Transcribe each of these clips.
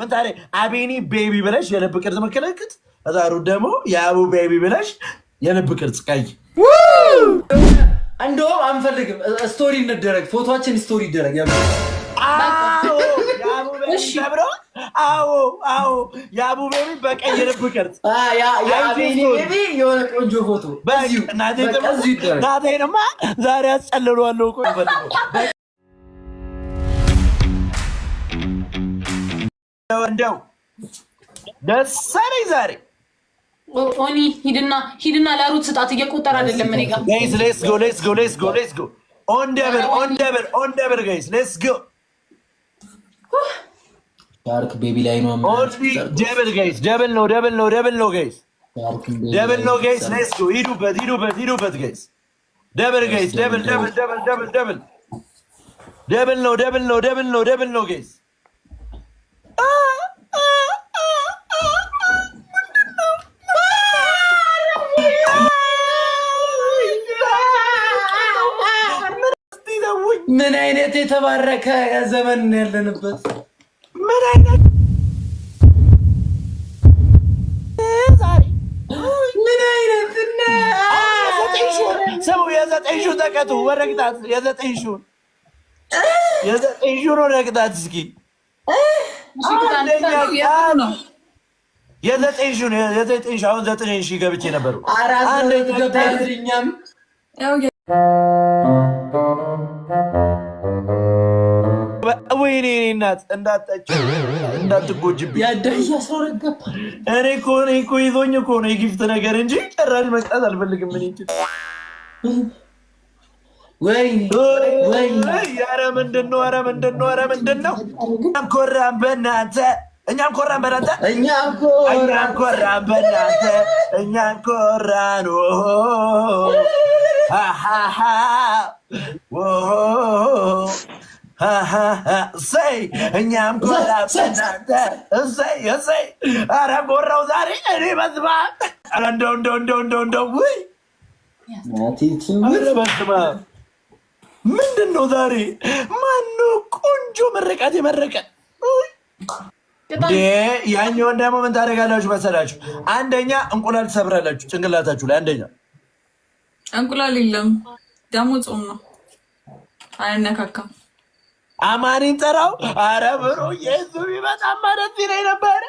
ምን ታዲያ አቤኒ ቤቢ ብለሽ የልብ ቅርጽ መከለክት እዛሩ ደግሞ የአቡ ቤቢ ብለሽ የልብ ቅርጽ ቀይ። እንደውም አንፈልግም፣ ስቶሪ እንደረግ ፎቶችን ስቶሪ ይደረግ። የአቡ ቤቢ በቀይ የልብ ቅርጽ የሆነ ቆንጆ ፎቶ በዚሁ ዛሬ አስጨልሏለሁ። እንደው ደስ አለኝ ዛሬ። ኦኒ ሂድና ሂድና ለሩት ስጣት። እየቆጠረ አይደለም እኔ ጋር ጋይስ። ሌትስ ጎ ሌትስ ጎ ሌትስ ጎ ሌትስ ጎ ኦን ኦን ኦን ጋይስ ሌትስ ጎ ዳርክ ቤቢ ላይ ነው። ኦንሊ ደብል ጋይስ ደብል ነው ደብል ነው ደብል ነው ጋይስ ደብል ነው ጋይስ ሌትስ ጎ ሂዱበት ሂዱበት ሂዱበት ጋይስ ደብል ጋይስ ደብል ደብል ደብል ደብል ደብል ነው ደብል ነው ደብል ነው ደብል ነው ጋይስ ምን አይነት የተባረከ ዘመን ነው ያለንበት? ምን አይነት ምን አይነት ሰው የዘጠኝ ሹ ተቀጡ ወረግጣት የዘጠኝ ሹ የዘጠኝ ሹ ነው ረግጣት። እስኪ የዘጠኝ ሹ የዘጠኝ ሹ አሁን ዘጠኝ ሺ ገብቼ ነበሩ አንደኛ እኔ እናት እንዳትጠጪው እንዳትጎጅብኝ። እኔ ከሆነ እኮ ይዞኝ ከሆነ የጊፍት ነገር እንጂ ጨራሽ መቅጣት አልፈልግም። ምን ይችል ኧረ ምንድን ነው? ኧረ ምንድን ነው? ኧረ ምንድን ነው? እኛም ኮራን በእናንተ እኛም ኮራን በእናንተ እኛም ኮራን ኮራን በእናንተ እኛም ኮራን ሆ እሰይ እኛም ጎላናንተ እሰይ እሰይ። ጎራው ዛሬ እኔ በስመ አብ እንደው እንደው እንደው እንደው እንደው ውይ ኧረ በስመ ምንድን ነው ዛሬ? ማነው ቆንጆ ምርቃት የመረቀ ያኛውን ደግሞ ምን ታደርጋላችሁ መሰላችሁ? አንደኛ እንቁላል ትሰብራላችሁ ጭንቅላታችሁ ላይ። አንደኛ እንቁላል የለም ደግሞ ጾም ነው፣ አይነካካም አማኒን ጠራው። አረ ብሩ የሱ ቢመጣ ማለት ሲለኝ ነበረ።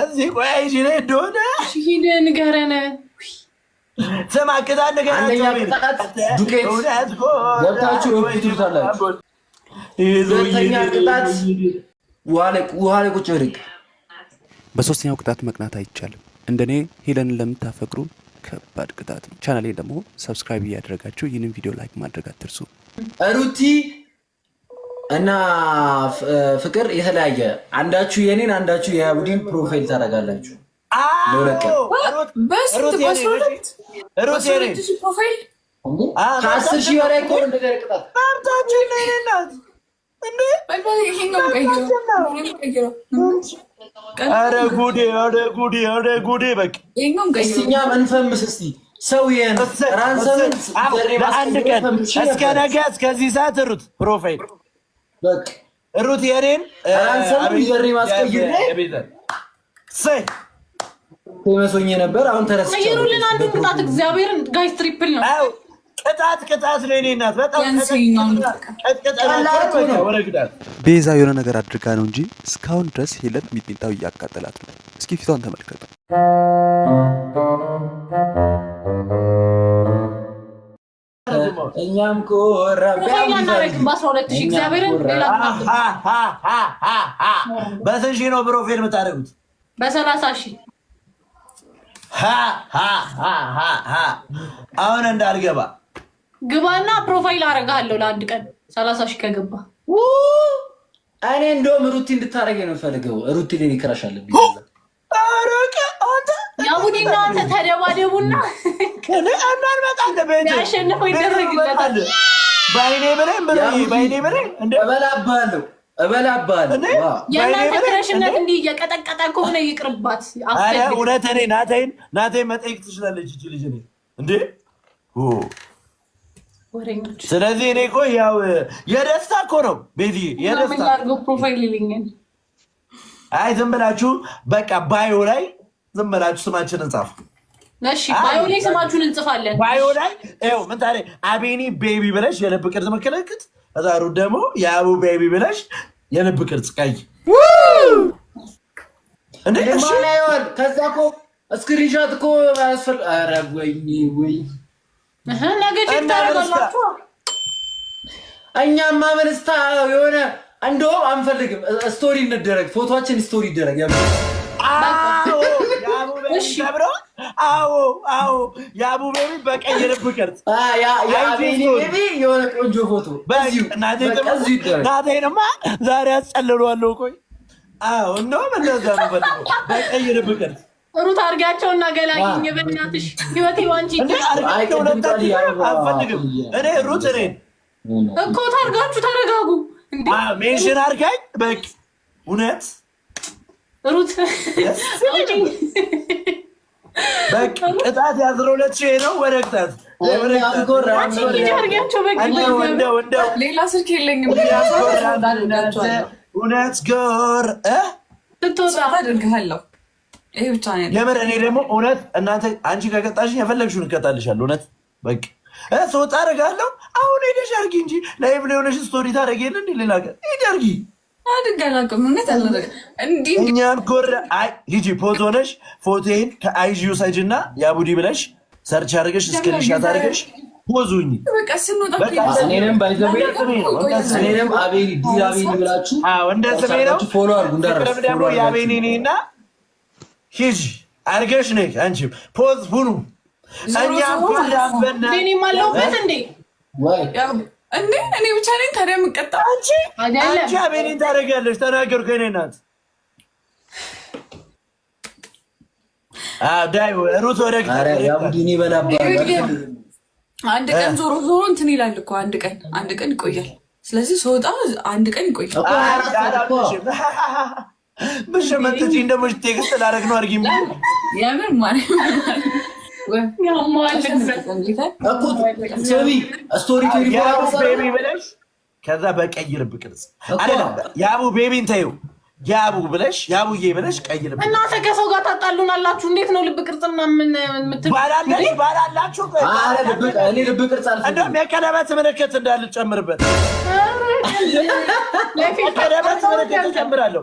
እዚህ ቆያ ይሽለ እንደሆነ ሂድ ንገረን። ስማ ቅጣት ንገረን። በሶስተኛው ቅጣት መቅናት አይቻልም። እንደኔ ሄለንን ለምታፈቅሩ ከባድ ቅጣት ነው። ቻናሌን ደግሞ ሰብስክራይብ እያደረጋችሁ ይህንን ቪዲዮ ላይክ ማድረግ አትርሱ። ሩቲ እና ፍቅር የተለያየ አንዳችሁ የኔን አንዳችሁ የቡድን ፕሮፋይል ታደርጋላችሁ። ከአስር ሺህ በላይ እኮ ኧረ ጉዴ! ኧረ ጉዴ! ኧረ ጉዴ! በቃ እስኪ እንፈምስ እስኪ ሰውዬን ራንሰምን ለአንድ ቀን እስከ ነገ እስከዚህ ሰዓት ሩት ፕሮፋይል ሩት የኔን መስሎኝ ነበር። አሁን ተረስሩልን። አንዱ ቅጣት እግዚአብሔርን ጋይስ ትሪፕል ነው። ቤዛ የሆነ ነገር አድርጋ ነው እንጂ እስካሁን ድረስ ሄለን ሚጥሚጣው እያቃጠላት ነው። እስኪ ፊቷን ተመልከቱ። እኛም በስንት ሺህ ነው ፕሮፌል የምታደርጉት? በሰላሳ ሺህ አሁን እንዳልገባ ግባና ፕሮፋይል አደርግሃለሁ ለአንድ ቀን ሰላሳ ሺህ ከገባ እኔ እንደውም ሩቲ እንድታደርገኝ ነው የምፈልገው። ሩቲ እኔ እና አንተ ተደባደቡና ከነ አንዳን በቃ ያሸንፈው ይደረግለታል። ባይኔ ባይኔ በላይ እንደ እኔ ስለዚህ እኔ እኮ ያው የደስታ እኮ ነው ቤዚ የደስታ አይ ዝም ብላችሁ በቃ ባዮ ላይ ዝም ስማችን እንጻፍ። ባዮ ላይ ስማችሁን እንጽፋለን። ባዮ ላይ አቤኒ ቤቢ ብለሽ የልብ ቅርጽ መከለክት ዛሩ ደግሞ የአቡ ቤቢ ብለሽ የልብ ቅርጽ ቀይ እንደሆን ከዛ ኮ እስክሪንሻት ኮ ያስፈል ኧረ ወይ ወይ ነገ የሆነ እንደውም አንፈልግም። ስቶሪ እንደረግ ፎቶችን ስቶሪ ይደረግ ብሮ አዎ አዎ፣ የአቡ ቤቢ በቀይ ልብ ቅርጽ የሆነ ቆንጆ ፎቶ ናቴንማ ዛሬ አስጨልሏለሁ። ቆይ አዎ፣ እንደውም እንደዛ ነው። በቀይ ልብ ቅርጽ ሩት አድርጋቸውና ገላኝ በእናትሽ ህይወቴ ዋንቺ አልፈልግም። እኔ ሩት እኔ እኮ ታርጋችሁ ተረጋጉ። ሜንሽን አድርጋኝ በቃ እውነት ሩት ቅጣት ያስራ ሁለት ሺህ ነው። ወደ ቅጣት ሌላ ስልክ የለኝም። እውነት ጎር ስትወጣ አደርግሃለሁ። ብቻ የምር። እኔ ደግሞ እውነት እናንተ አንቺ ከቀጣሽኝ የፈለግሽውን እቀጣልሻለሁ። እውነት በቃ ሶጣ አደርጋለሁ። አሁን ሄደሽ አድርጊ እንጂ ላይቭ ላይ ሆነሽ ስቶሪ ታደርጊ የለ ሌላ ሄደ አድርጊ እኛን ኮረ አይ ሂጂ ፖዝ ሆነሽ ፎቶዬን ከአይዥ ውሰጅ እና የአቡዲ ብለሽ ሰርች አድርገሽ እስክሪንሻት አድርገሽ ፖዙኝ። እኔንም አቤኒ ብላችሁ እንደ ስሜ ነው ደግሞ የአቤኒ እኔ እና ሂጂ አድርገሽ ነይ አንቺም ፖዝ ሁኑ። እኛም ኮረ በና እንዴ እኔ ብቻ ነኝ ታዲያ የምቀጣው? አንቺ አቤኔን ታደርጊያለሽ። ተናገር ከኔ ናት ዳይ ሩት ወደግ አንድ ቀን ዞሮ ዞሮ እንትን ይላል እኮ አንድ ቀን አንድ ቀን ይቆያል። ስለዚህ ስወጣ አንድ ቀን ይቆያል። ብሸመጥጪኝ ደግሞ ቴክስት ላደርግ ነው አርጊ የምር ማለት ከዛ በቀይ ቅርጽ አይደለም ቤቢን ተይው ያቡ ብለሽ ያቡዬ ብለሽ ቀይ ልብ እናንተ ከሰው ጋር ታጣሉን አላችሁ። እንዴት ነው ልብ ቅርጽና ምን ምትል እንደውም የቀለበት ምልክት እንዳልጨምርበት የቀለበት ምልክት ጨምራለሁ።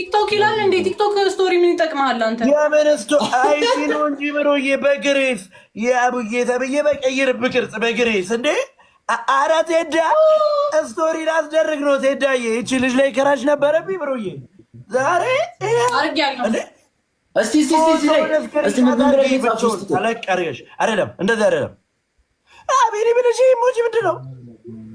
ቲክቶክ ይላል እንዴ? ቲክቶክ ስቶሪ ምን ይጠቅማል አንተ? የምን አይሲ ነው እንጂ ብሮዬ፣ በግሬስ የአቡዬ ተብዬ በቀይር ብቅርጽ በግሬስ እንዴ! አረ ቴዳ ስቶሪ ላስደርግ ነው ቴዳዬ። ይቺ ልጅ ላይ ከራሽ ነበረብኝ ብሮዬ። ዛሬ እስቲ እስቲ እስቲ እስቲ ተለቅ አድርገሽ አይደለም እንደዚህ አይደለም። አቤኔ ብለሽ ሞጂ ምንድን ነው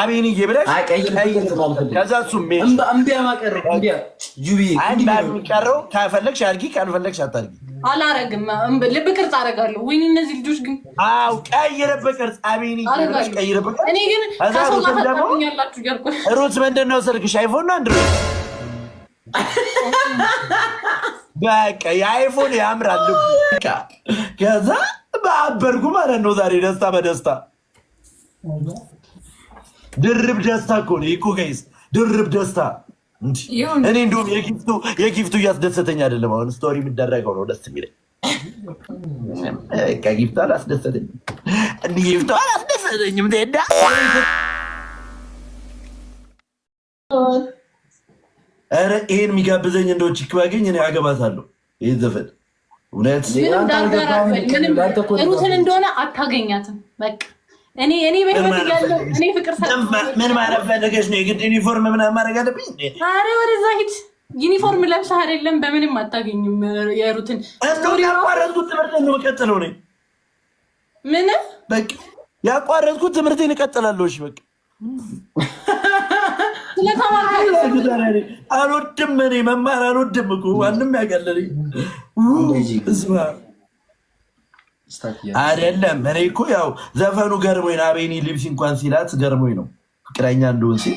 አሜንዬ ብለሽ ከዛ እሱ የሚቀረው ከፈለግሽ አድርጊ፣ ካልፈለግሽ አታድርጊ። አላረግም። ልብ ቅርጽ ወይኔ እነዚህ ልጆች ግን ቀይረ በቅርጽ ቀይረ በቅርጽ። እኔ ግን ሩት ምንድን ነው ስልክሽ? አይፎን ነው አንድሮይድ? በቃ የአይፎን ያምራል ከዛ በአበርጉ ማለት ነው ዛሬ ደስታ በደስታ ድርብ ደስታ እኮ ነው እኮ ጋይስ፣ ድርብ ደስታ። እኔ እንዲሁም የጊፍቱ የጊፍቱ እያስደሰተኝ አይደለም። አሁን ስቶሪ የሚደረገው ነው ደስ የሚለኝ። ከጊፍቱ አላስደሰተኝም፣ ጊፍቱ አላስደሰተኝም። ዴዳ ኧረ ይሄን የሚጋብዘኝ እንደው ቺክ ባገኝ እኔ አገባታለሁ። ይህ ዘፈን እውነት ዳጋራ ሩትን እንደሆነ አታገኛትም በቃ እኔ እኔ እኔ ፍቅር ምን ነው? የግድ ዩኒፎርም ምናምን ማድረግ አለብኝ? ወደዛ ሂድ። ዩኒፎርም ለብሰህ አይደለም በምንም አታገኝም። የሩትን ያቋረጥኩት ትምህርቴን ነው ነኝ ምን በቃ ያቋረጥኩት እሺ በቃ አልወድም እኔ መማር አልወድም እኮ ማንም አይደለም። እኔ እኮ ያው ዘፈኑ ገርሞኝ ነው። አቤኒ ልብስ እንኳን ሲላት ገርሞኝ ነው ፍቅረኛ እንደሆን ሲል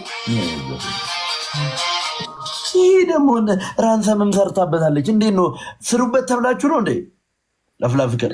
ይህ ደግሞ ራንሰምም ሰርታበታለች። እንዴት ነው ስሩበት ተብላችሁ ነው እንዴ? ለፍላ ፍቅር